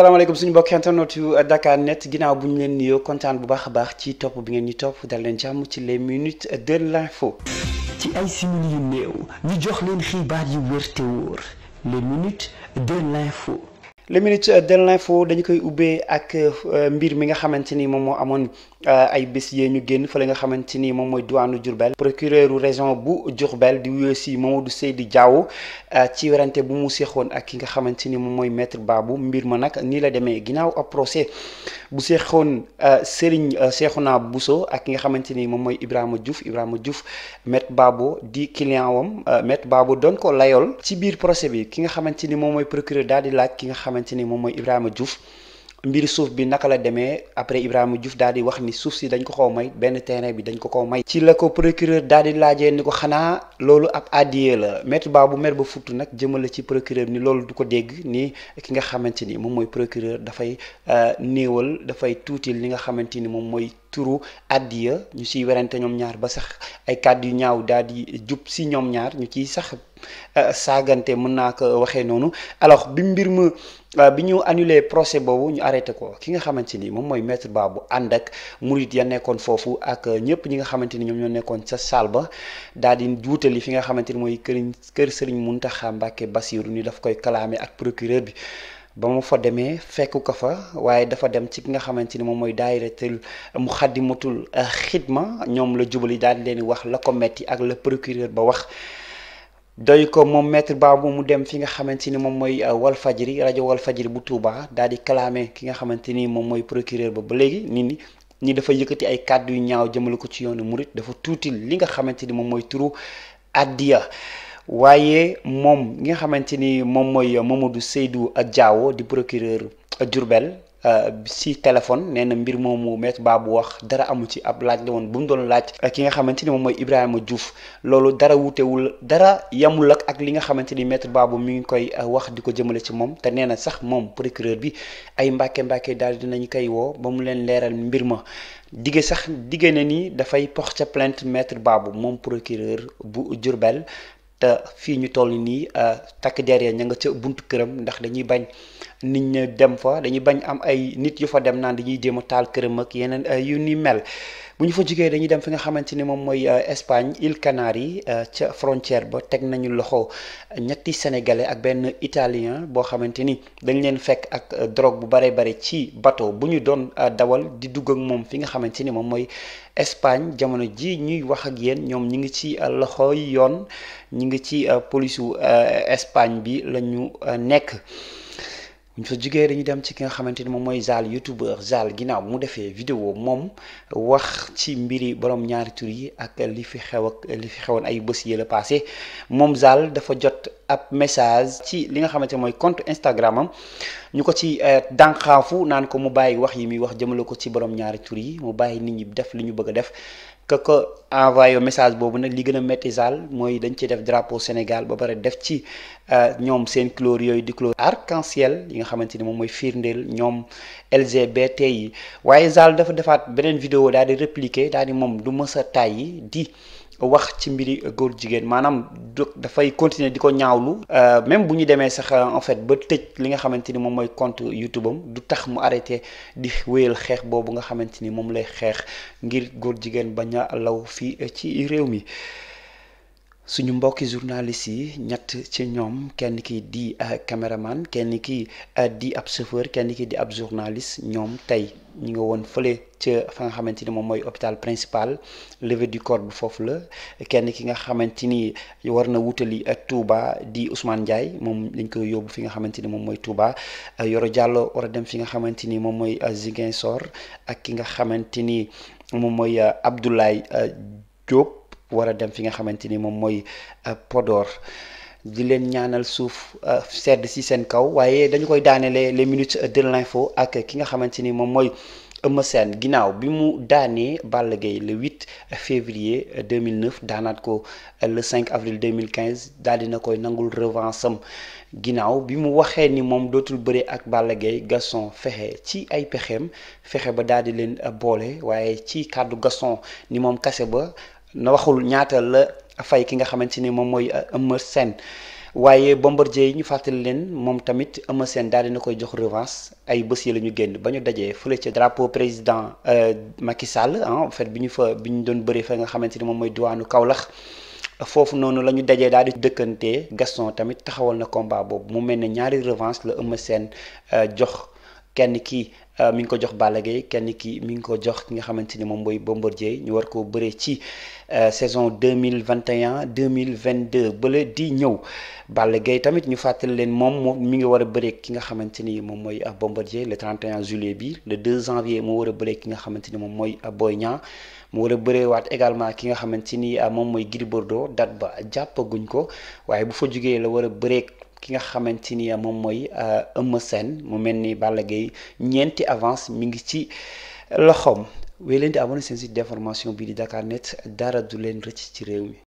salaamaaleykum suñu mbokk internet yu euh, Dakar net ginnaaw bu ñu leen nuyoo kontaan bu baax a baax ci topp bi ngeen ñu topp dal leen jàmm ci les minutes de l'info ci ay simili yu néew ñu jox leen xibaar yu wér te wóor les minutes del l'info les minutes de l'info dañu koy ubbee ak euh, mbir mi nga xamante ni moom moo amoon Euh, ay bés yee ñu génn fa la nga xamante ni moom mooy diwaanu Diourbel procureur région bu Diourbel di wuyoo si e Mamadou Seydi Diaw euh, ci werante bu mu seexoon ak ki nga xamante ni moom mooy maître Babou mbir ma nag nii la demee ginnaaw ab procès bu seexoon euh, Serigne Seexuna Bousso ak ki nga xamante ni moom mooy Ibrahima Diouf Ibrahima Diouf maître Babou di client wam maître Babou doon ko layool ci biir procès bi ki nga xamante ni moom mooy procureur daal di laaj ki nga xamante ni moom mooy Ibrahima Diouf. mbir suuf bi naka la demee après Ibrahima Diouf daal di wax ni suuf si dañ ko xaw may benn terrain bi dañ ko koo may. ci la ko procureur daal di laajee ni ko xanaa loolu ab addiye la maître ba bu mer ba futtu nag jëmale ci procureur ni loolu du ko dégg ni ki nga xamante ni moom mooy procureur dafay euh, néewal dafay tuuti li nga xamante ni moom mooy. turu addiya ñu siy werante ñoom ñaar ba sax ay kàddu yu ñaaw daal di jub si ñoom ñaar ñu ciy sax Euh, saagante mën naa ko waxee noonu alors bi mbir ma euh, bi ñu annulé procès boobu ñu arrêté ko ki nga xamante ni moom mooy maître ba bu ànd ak murit ya nekkoon foofu ak ñëpp ñi nga xamante ni ñoom ñoo nekkoon sa saal ba daal di juutali fi nga xamante ni mooy kër kër sëriñ Muntaxa Mbàkke Basiiru ni daf koy kalaame ak procureur bi ba mu fa demee fekk ko fa waaye dafa dem ci ki nga xamante ni moom mooy daayiratul mu xaddimatul xidma ñoom la yi daal di leen wax la ko metti ak la procureur ba wax doy ko moom maître moom mu dem fi nga xamante ni moom mooy euh, fajiri rajo Walfadjri bu Touba daal di clamé ki nga xamante ni moom mooy procureur ba ba léegi nit ñi ni dafa yëkkati ay kàddu yu ñaaw jëmale ko ci yoonu murit dafa tuuti li nga xamante ni moom mooy turu addiya waaye moom nga xamante ni moom mooy Mamadou ak Diawo di procureur Diourbel Euh, si téléphone nee na mbir moomu maître Babou wax dara amu ci ab laaj la woon bu mu doon laaj ak euh, ki nga xamante ni moom mooy Ibrahima loolu dara wutewul dara yamul ak ak li nga xamante ni maître Babou mi ngi koy euh, wax di ko jëmale ci moom te nee na sax moom procureur bi ay mbàkke mbàkke daal dinañu koy woo ba mu leen leeral mbir ma digge sax digge na ni dafay porter plainte maître Babou moom procureur bu Diourbel te fii ñu toll nii takk der ya ña nga ca buntu këram ndax dañuy bañ nit ñu dem fa dañuy bañ am ay nit yu fa dem naan dañuy jéem a taal këram ak yeneen euh, yu ni mel bu ñu fa jugee dañuy dem fi nga xamante ni moom mooy euh, Espagne île Canaries euh, ca frontière ba teg nañu loxo ñetti sénégalais ak benn italien boo xamante ni dañ leen fekk ak drogue bu bare bare ci bateau bu ñu doon dawal di dugg ak moom fi nga xamante ni moom mooy Espagne jamono ji ñuy wax ak yéen ñoom ñi ngi ci loxo yoon ñi ngi ci polisu Espagne bi lañu nekk. ñu fa jugee dañu dem ci ki nga xamante ni moom mooy Zal youtubeur Zal ginnaaw mu defee vidéo moom wax ci mbiri borom ñaari tur yi ak li fi xew ak li fi xewoon ay bés yële passé moom Zal dafa jot ab message ci li nga xamante mooy compte Instagram am ñu ko ci eh, dànqaafu naan ko mu bàyyi wax yi muy wax jëmale ko ci borom ñaari tur yi mu bàyyi nit ñi def li ñu bëgg a def que que envoyé message boobu nag li gën a métti saal mooy dañ ci def drapeau Sénégal ba pare def ci euh, ñoom seen couleur yooyu di couleur arc en yi nga xamante ni moom mooy firndeel ñoom LGBT yi waaye saal dafa defaat beneen vidéo daal di répliquer daal di moom du mës a tàyyi di wax ci mbiri góor jigéen maanaam dafay continuer di ko ñaawlu euh, même bu ñu demee sax euh, en fait ba tëj li nga xamante ni moom mooy compte YouTube am du tax mu arrêté di wéyal xeex boobu nga xamante ni moom lay xeex ngir góor jigéen bañ a law fii euh, ci réew mi suñu mbokki journaliste yi ñett ci ñoom kenn ki di euh, caméraman kenn ki euh, di ab chauffeur kenn ki di ab journaliste ñoom tey ñu nga woon fële ca fa nga xamante ni moom mooy hôpital principal levée du corps foofu la kenn ki nga xamante ni war na wutali euh, Touba di Ousmane Ndiaye moom lañ koy yóbbu fi nga xamante ni moom mooy Touba Yoro Diallo war a dem fi nga xamante ni moom mooy Ziguinchor ak ki nga xamante ni moom mooy Abdoulaye Diop. war a dem fi nga xamante ni moom mooy euh, Podor di leen ñaanal suuf euh, sedd si seen kaw waaye dañu koy daaneele les minutes de l'info ak ki nga xamante ni moom mooy Eumeu Sène ginnaaw bi mu daanee Balla Gaye le 8 février 2009 daanaat ko euh, le 5 avril 2015 daal dina koy nangul revanche am ginnaaw bi mu waxee ni moom dootul bëre ak Balla Gaye Gaston fexe ci ay pexeem fexe ba daal di leen boole waaye ci kàddu Gaston ni moom kase ba na waxul ñaata la fay ki nga xamante ni moom mooy euh, Eumeu Sène waaye Bombardier yi ñu fàttali leen moom tamit Eumeu Sène daal dina koy jox revanche ay bés yi la ñu génn ba ñu dajee fële ca drapeau président euh, Macky Sall ah, en fait bi ñu fa bi ñu doon bëree fa nga xamante ni moom mooy diwaanu Kaolack foofu noonu la ñu dajee daal di dëkkantee Gaston tamit taxawal na combat boobu mu mel ne ñaari revanche la Eumeu Sène euh, jox kenn kii Euh, mi ngi ko jox Balla Gaye kenn ki mi ngi ko jox ki nga xamante ni moom mooy Bombardier ñu war ko bëree ci euh, saison deux mille 2021 2022 bële di ñëw Balla Gaye tamit ñu fàttali leen moom moom mi ngi war a bëree ki nga xamante ni moom mooy euh, Bombardier le 31 juillet bi le 2 janvier moo war a bëree ki nga xamante ni moom mooy Boy Niang mu war a bëreewaat également ki nga xamante ni moom mooy Gris Bordeaux ba jàppaguñ ko waaye bu fa jugee la war a bëreek ki nga xamante ni moom mooy euh, Eumeu Sène mu mel ni Balla Gaye ñeenti avance mi ngi ci loxoom we leen di abonné seen site d'information bii di Dakar Net dara du leen rëcc ci réew mi.